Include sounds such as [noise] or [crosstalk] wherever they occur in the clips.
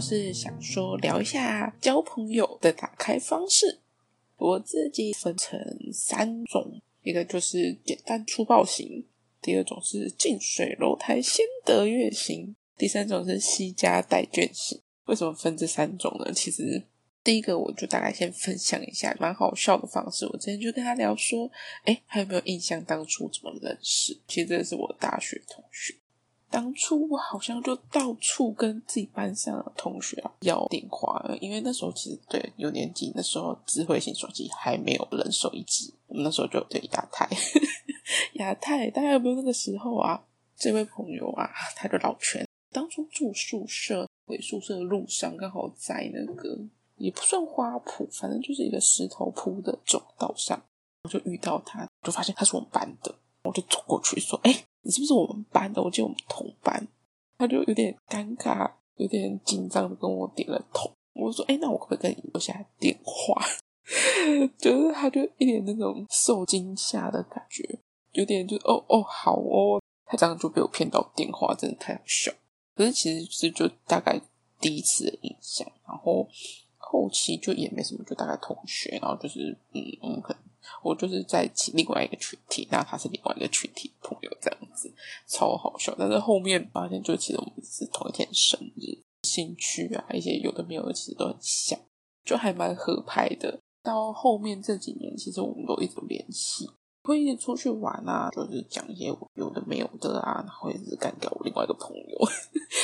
是想說聊一下交朋友的打開方式，我自己分成三種，一個就是簡單粗暴型，第二種是近水樓台先得月型，第三種是惜家待捲型。為什麼分這三種呢？其實第一個我就大概先分享一下，蠻好笑的方式。我之前就跟他聊說，哎，還有沒有印象當初怎麼認識？其實這是我大學同學。當初我好像就到處跟自己班上的同學、啊、要電話，因為那時候其實對有年紀，那時候智慧型手機還沒有人手一支，我們那時候就對亞太， [laughs] 亞太大家有沒有那個時候啊？這位朋友啊，他的老全，當初住宿舍，回宿舍的路上剛好在那個也不算花圃，反正就是一個石頭鋪的走道上，我就遇到他，就發現他是我們班的。我就走過去說：“哎、欸，你是不是我們班的？我記得我們同班。”他就有點尷尬，有點緊張的跟我點了頭。我說：“哎、欸，那我可，不可以跟你留下來電話。 [laughs] ”就是他就一點那種受驚嚇的感覺，有點就“哦哦好哦”，他這樣就被我騙到電話，真的太好笑。可是其實是就大概第一次的印象，然後後期就也沒什麼，就大概同學，然後就是嗯，嗯，可能。我就是在其另外一個群體，那他是另外一個群體朋友這樣子，超好笑。但是後面發現，就其實我們是同一天生日，興趣啊，一些有的沒有的，其實都很像，就還蠻合拍的。到後面這幾年，其實我們都一直聯繫，會一直出去玩啊，就是講一些有的沒有的啊，然後也是幹掉我另外一個朋友，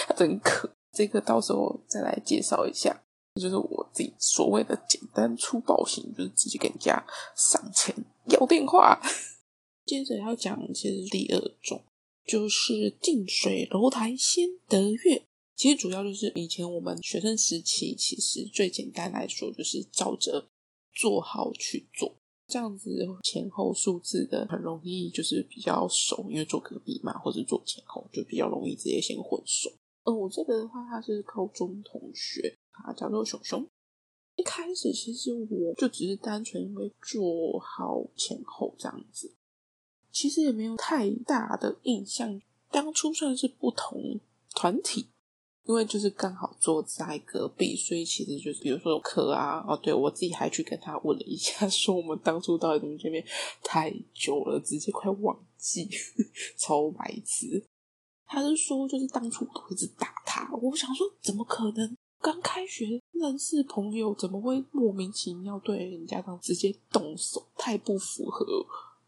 他真可，這個到時候再來介紹一下。就是我自己所謂的簡單粗暴型，就是直接給人家上前要電話。 [laughs] 接着要講，其實第二種就是近水樓台先得月。其實主要就是以前我們學生時期，其實最簡單來說就是照着座號，去做，這樣子前後數字的很容易就是比較熟，因為坐隔壁嘛，或者是坐前後就比較容易直接先混熟。嗯，我這個的話，他是高中同學，啊，叫做熊熊。一開始其實我就只是單純因為坐好前後這樣子，其實也沒有太大的印象。當初算是不同團體，因為就是剛好坐在隔壁，所以其實就是比如說有課啊，哦、啊，對我自己還去跟他問了一下，說我們當初到底怎麼見面？太久了，直接快忘記，呵呵超白痴。他就說，就是當初我都一直打他，我想說，怎麼可能？剛開學認識朋友，怎麼會莫名其妙對人家這樣直接動手？太不符合，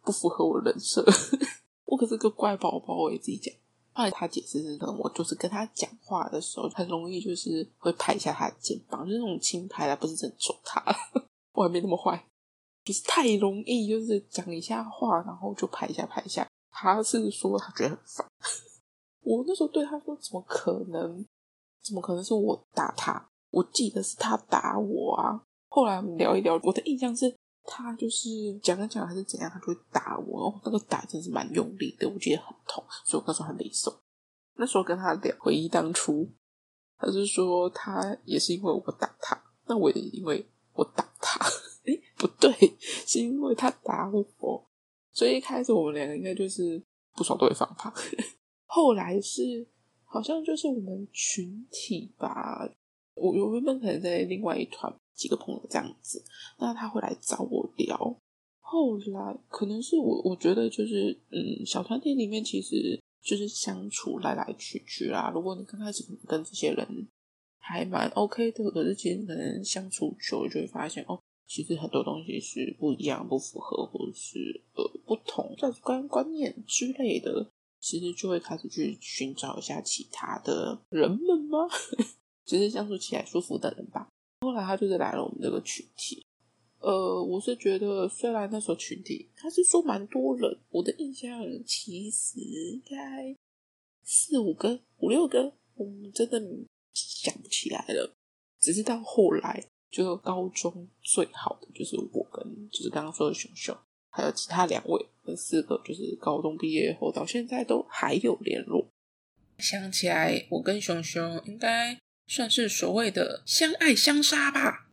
不符合我的人設。 [laughs] 我可是個乖寶寶，我也自己講。後來他解釋是的，我就是跟他講話的時候，很容易就是會拍一下他的肩膀，就是那種輕拍，來不是整揍他。 [laughs] 我還沒那麼壞，只，就是太容易，就是講一下話，然後就拍一下拍一下。他是說他覺得很煩。 [laughs] 我那時候對他說：“怎麼可能？”怎麼可能是我打他？我記得是他打我啊！後來我們聊一聊，我的印象是他就是講講還是怎樣，他就會打我。哦，那個打真是蠻用力的，我覺得很痛，所以我那時很難受。那時候跟他聊，回憶當初，他是說他也是因為我打他，那我也因為我打他，哎、欸，不對，是因為他打我。所以一開始我們兩個應該就是不爽對方，後來是。好像就是我們群體吧，我原本可能在另外一團幾個朋友這樣子，那他會來找我聊。後來可能是我，我覺得就是嗯，小團體裡面其實就是相處來來去去啦、啊。如果你剛開始跟這些人還蠻 OK 的，可是其實可能相處久了就會發現哦，其實很多東西是不一樣、不符合，或是呃不同，算是觀觀念之類的。其實就會開始去尋找一下其他的人們嗎？只 [laughs] 是相處起來舒服的人吧。後來他就是來了我們這個群體。呃，我是覺得雖然那時候群體他是說蠻多人，我的印象其實該四五個、五六個，我們真的想不起來了。只是到後來，就高中最好的就是我跟就是剛剛說的熊熊。還有其他兩位。這四個就是高中畢業後到現在都還有聯絡。想起來，我跟熊熊應該算是所謂的相愛相殺吧。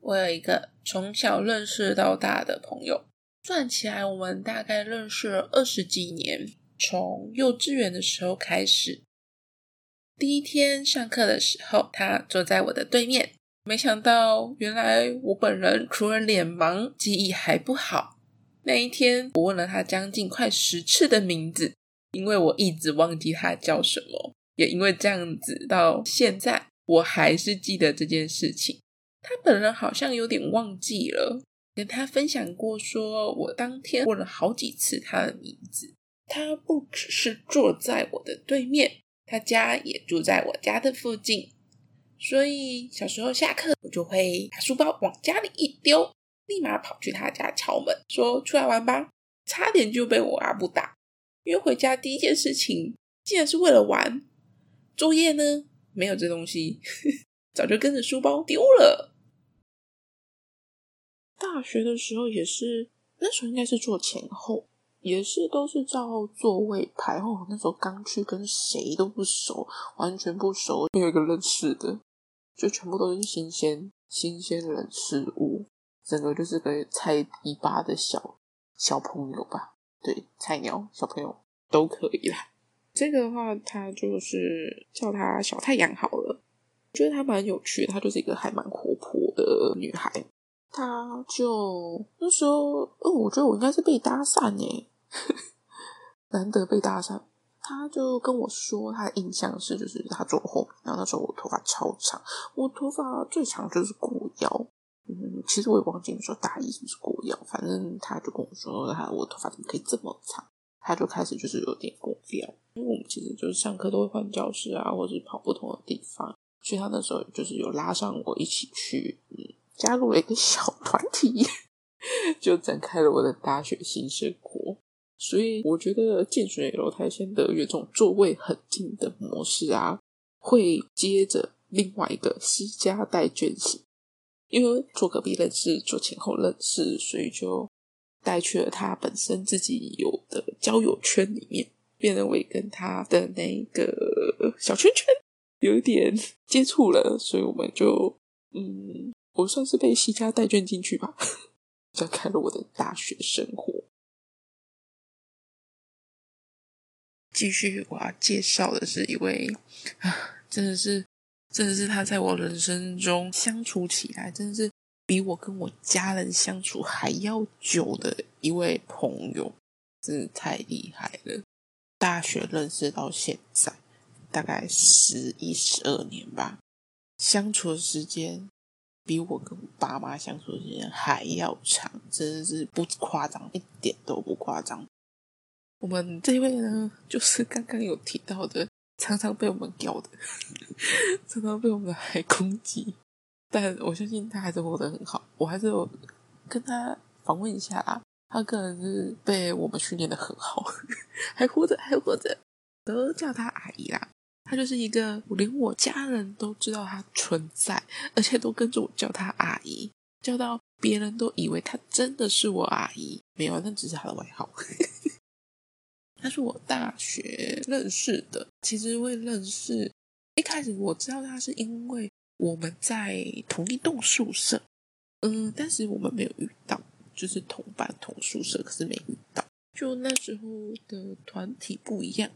我有一個從小認識到大的朋友，算起來我們大概認識了二十幾年，從幼稚園的時候開始。第一天上課的時候，他坐在我的對面。沒想到，原來我本人除了臉盲，記憶還不好。那一天，我問了他將近快十次的名字，因為我一直忘記他叫什麼，也因為這樣子，到現在我還是記得這件事情。他本人好像有點忘記了，跟他分享過說，說我當天問了好幾次他的名字。他不只是坐在我的對面，他家也住在我家的附近。所以小時候下課，我就會把書包往家裡一丟，立馬跑去他家敲門，說：“出來玩吧！”差點就被我阿布打，因為回家第一件事情竟然是為了玩。作業呢？沒有這東西，呵呵，早就跟着書包丟了。大學的時候也是，那時候應該是坐前後，也是都是照座位排號，哦。那時候剛去，跟誰都不熟，完全不熟，沒有一個認識的。就全部都是新鮮新鮮的人事物，整個就是個菜泥巴的小小朋友吧，對，菜鳥小朋友都可以啦。這個的話，他就是叫他小太陽好了。我覺得他蠻有趣的，他就是一個還蠻活潑的女孩。他就那時候，哦，我覺得我應該是被搭訕誒， [laughs] 難得被搭訕。他就跟我說，他的印象是，就是他坐我後面。然後那時候我頭髮超長，我頭髮最長就是過腰。嗯，其實我也忘記你說大一是不是過腰，反正他就跟我說，他我頭髮怎麼可以這麼長？他就開始就是有點搞笑，因為我們其實就是上課都會換教室啊，或是跑不同的地方。所以他那時候就是有拉上我一起去，嗯，加入了一個小團體， [laughs] 就展開了我的大學新生活。所以我覺得“近水樓台先得月”這種座位很近的模式啊，會接着另外一個西家帶卷式，因為坐隔壁認識，坐前後認識，所以就帶去了他本身自己有的交友圈裡面，變成為跟他的那個小圈圈有一點接觸了，所以我們就嗯，我算是被西家帶卷進去吧，展開了我的大學生活。繼續，我要介紹的是一位，真的是，真的是他在我人生中相處起來，真的是比我跟我家人相處還要久的一位朋友，真的太厲害了。大學認識到現在，大概十一、十二年吧，相處的時間比我跟我爸媽相處的時間還要長，真的是不誇張，一點都不誇張。我們這位呢，就是剛剛有提到的，常常被我們吊的，常常被我們還攻擊，但我相信他還是活得很好。我還是有跟他訪問一下啦。他可能是被我們訓練的很好，還活着，還活着，都叫他阿姨啦。他就是一個，連我家人都知道他存在，而且都跟着我叫他阿姨，叫到別人都以為他真的是我阿姨。沒有，那只是他的外號。他是我大學認識的，其實會認識。一開始我知道他是因為我們在同一棟宿舍，嗯，但是我們沒有遇到，就是同班同宿舍，可是沒遇到。就那時候的團體不一樣，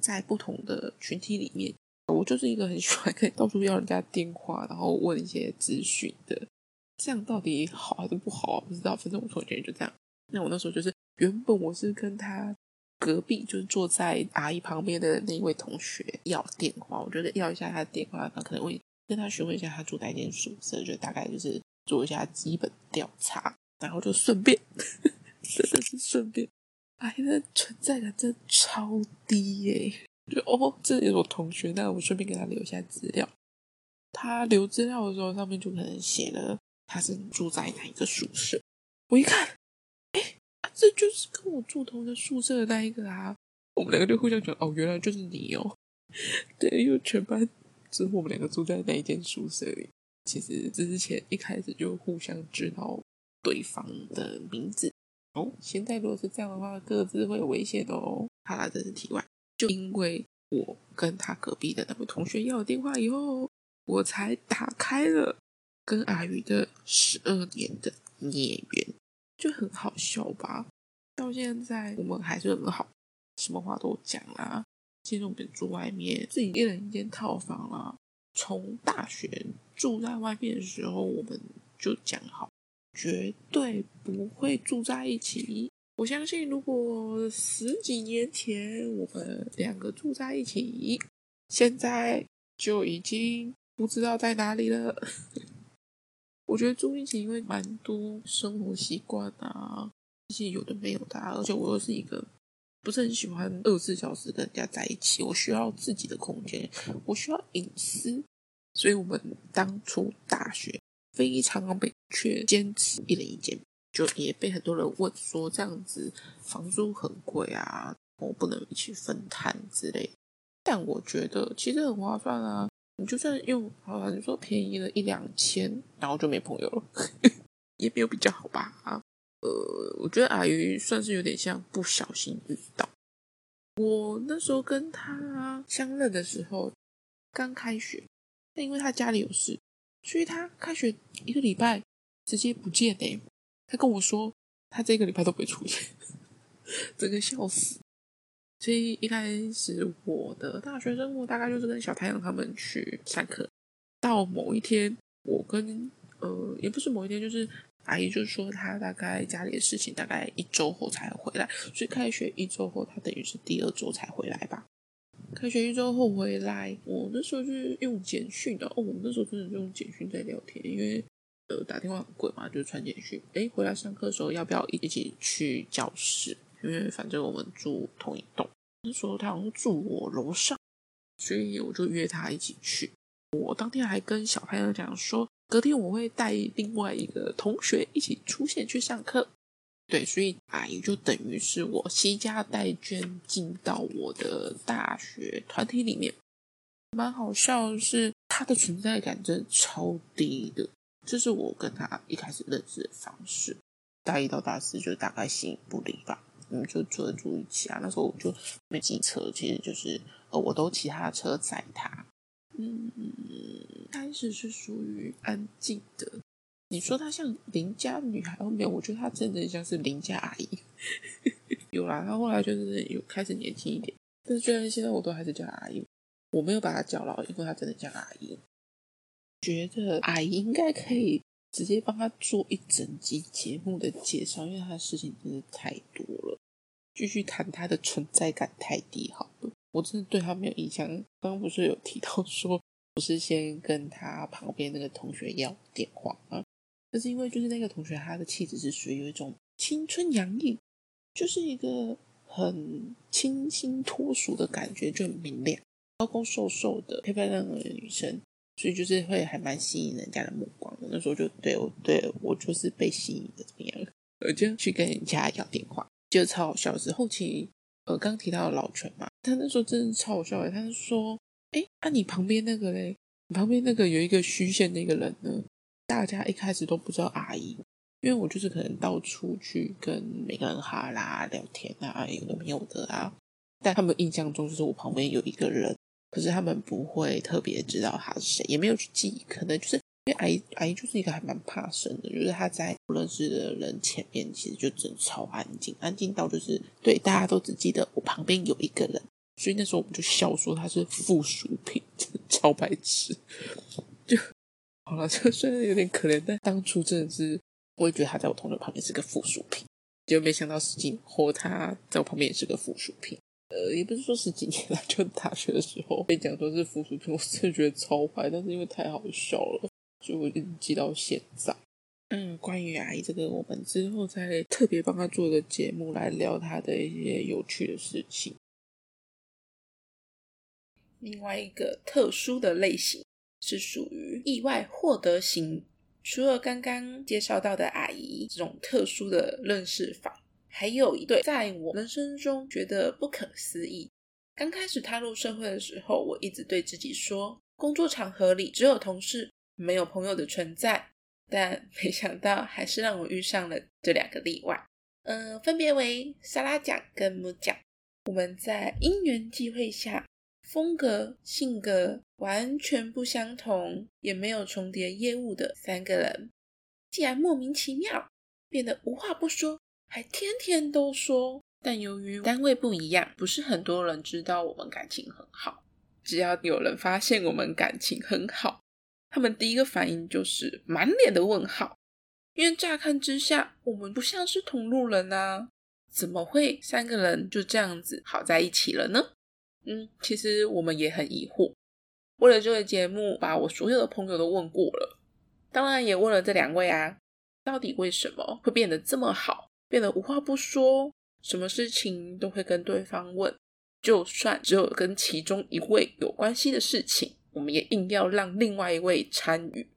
在不同的群體裡面，我就是一個很喜歡可以到處要人家電話，然後問一些資訊的，這樣到底好還是不好我不知道，反正我從前就這樣。那我那時候就是原本我是跟他。隔壁就是坐在阿姨旁邊的那一位同學要電話，我覺得要一下他的電話，他可能會跟他詢問一下他住哪間宿舍，就大概就是做一下基本調查，然後就順便，呵呵，真的是順便。阿姨的存在感真超低耶，欸！就哦，這裡有我同學，那我順便給他留一下資料。他留資料的時候，上面就可能寫了他是住在哪一個宿舍。我一看。這就是跟我住同一個宿舍的那一個啊！我們兩個就互相覺得，哦，原來就是你哦。 [laughs] 對，因為全班只有我們兩個住在那一間宿舍裡，其實這之前一開始就互相知道對方的名字。哦，現在如果是這樣的話，各自會有危險的哦。好了，啊，這是題外。就因為我跟他隔壁的那位同學要了電話以後，我才打開了跟阿宇的十二年的孽緣。就很好笑吧，到現在我們還是很好，什麼話都講啊。現在我們住外面，自己一人一間套房啊。從大學住在外面的時候，我們就講好絕對不會住在一起。我相信，如果十幾年前我們兩個住在一起，現在就已經不知道在哪裡了。我覺得住一起因為蠻多生活習慣啊，這些有的沒有的，而且我又是一個不是很喜歡二十四小時跟人家在一起，我需要自己的空間，我需要隱私，所以我們當初大學非常明確堅持一人一間，就也被很多人問說這樣子房租很貴啊，我不能一起分攤之類，但我覺得其實很划算啊。你就算用好啊，你說便宜了一兩千，然後就沒朋友了，呵呵也沒有比較好吧？啊、呃，我覺得阿魚算是有點像不小心遇到。我那時候跟他相認的時候，剛開學，但因為他家裡有事，所以他開學一個禮拜直接不見誒、欸。他跟我說，他這個禮拜都不會出現，整個笑死。所以一開始我的大學生活大概就是跟小太陽他們去上課。到某一天，我跟呃，也不是某一天，就是阿姨就是說她大概家裡的事情，大概一周後才回來。所以開學一周後，她等於是第二周才回來吧？開學一周後回來，我那時候就是用簡訊的哦，我們那時候真的就用簡訊在聊天，因為呃打電話很貴嘛，就傳簡訊。哎，回來上課的時候要不要一起去教室？因為反正我們住同一棟，那時候他好像住我樓上，所以我就約他一起去。我當天還跟小朋友講說，隔天我會帶另外一個同學一起出現去上課。對，所以啊，也就等於是我攜家帶眷進到我的大學團體裡面，蠻好笑的是，是他的存在感真的超低的，這，就是我跟他一開始認識的方式。大一到大四就大概形影不離吧。嗯，就住在一起啊！那時候我就沒騎車，其實就是呃，我都騎他的車載他。嗯，開始是屬於安靜的。你說她像鄰家女孩，後面我覺得她真的像是鄰家阿姨。 [laughs] 有啦，她後來就是有開始年輕一點，但是雖然現在我都還是叫她阿姨，我沒有把她叫老，因為她真的叫阿姨。我覺得阿姨應該可以。直接幫他做一整集節目的介紹，因為他的事情真的太多了。繼續談他的存在感太低，好了，我真的對他沒有印象。剛剛不是有提到說，我是先跟他旁邊那個同學要電話啊，但是因為就是那個同學，他的氣質是屬於有一種青春洋溢，就是一個很清新脫俗的感覺，就很明亮，高高瘦瘦的，白白嫩嫩的女生。所以就是會還蠻吸引人家的目光的。那時候就對我對我就是被吸引的怎麼樣？我就去跟人家要電話，就超好笑。是後期呃，剛，剛提到的老全嘛，他那時候真是超的超好笑哎。他是說，哎，那、啊、你旁邊那個嘞？你旁邊那個有一個虛線的一個人呢？大家一開始都不知道阿姨，因為我就是可能到處去跟每個人哈啦聊天啊，阿姨有的沒有的啊？但他們印象中就是我旁邊有一個人。可是他們不會特別知道他是誰，也沒有去記憶，可能就是因為阿姨，阿姨就是一個還蠻怕生的，就是他在不認識的人前面，其實就真超安靜，安靜到就是對，大家都只記得我旁邊有一個人，所以那時候我們就笑說他是附屬品，超白痴，就好了，就雖然有點可憐，但當初真的是我也覺得他在我同學旁邊是個附屬品，結果沒想到十幾年後他在我旁邊也是個附屬品。呃，也不是說十幾年來，就大學的時候被講說是附屬品，我真的覺得超壞，但是因為太好笑了，所以我就記到現在。嗯，關於阿姨這個，我們之後再特別幫她做個節目來聊她的一些有趣的事情。另外一個特殊的類型是屬於意外獲得型，除了剛剛介紹到的阿姨這種特殊的認識法，還有一對，在我人生中覺得不可思議。剛開始踏入社會的時候，我一直對自己說，工作場合裡只有同事，沒有朋友的存在。但沒想到，還是讓我遇上了這兩個例外。嗯、呃，分別為沙拉醬跟木醬。我們在因緣際會下，風格、性格完全不相同，也沒有重疊業務的三個人，竟然莫名其妙變得無話不說。還天天都說，但由於單位不一樣，不是很多人知道我們感情很好。只要有人發現我們感情很好，他們第一個反應就是滿臉的問號，因為乍看之下，我們不像是同路人啊，怎麼會三個人就這樣子好在一起了呢？嗯，其實我們也很疑惑。為了這個節目，把我所有的朋友都問過了，當然也問了這兩位啊，到底為什麼會變得這麼好？變得無話不說，什麼事情都會跟對方問，就算只有跟其中一位有關係的事情，我們也硬要讓另外一位參與。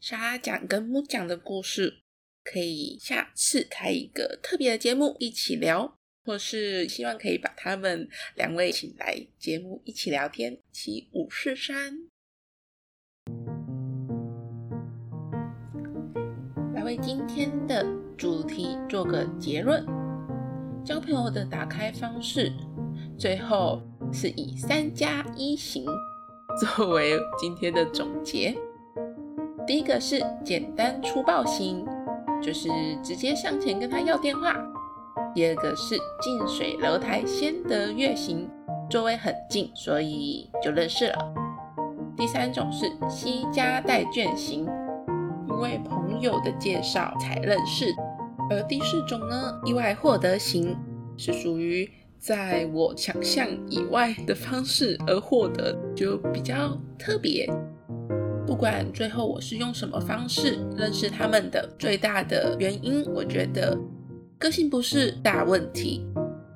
莎拉講跟木匠的故事，可以下次開一個特別的節目一起聊，或是希望可以把他們兩位請來節目一起聊天。七五四三，來為今天的。主題做個結論，交朋友的打開方式，最後是以三加一型作為今天的總結。第一個是簡單粗暴型，就是直接向前跟他要電話；第二個是近水樓台先得月型，座位很近，所以就認識了；第三種是攜家帶眷型。因為朋友的介紹才認識，而第四種呢，意外獲得型，是屬於在我想象以外的方式而獲得，就比較特別。不管最後我是用什麼方式認識他們的，最大的原因，我覺得個性不是大問題，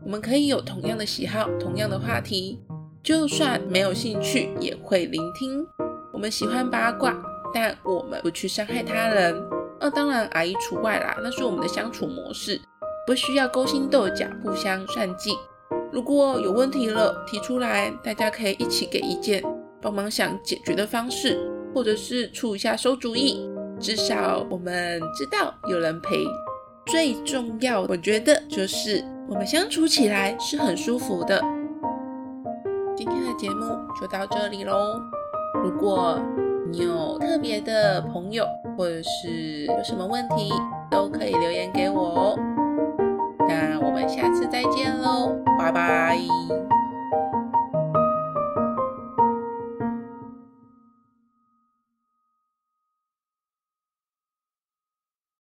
我們可以有同樣的喜好，同樣的話題，就算沒有興趣也會聆聽。我們喜歡八卦。但我們不去傷害他人，二、啊、當然阿姨除外啦，那是我們的相處模式，不需要勾心鬥角、互相算計。如果有問題了，提出來，大家可以一起給意見，幫忙想解決的方式，或者是出一下餿主意。至少我們知道有人陪。最重要，我覺得就是我們相處起來是很舒服的。今天的節目就到這裡嘍，如果。你有特別的朋友，或者是有什麼問題，都可以留言給我哦。那我們下次再見嘍，拜拜。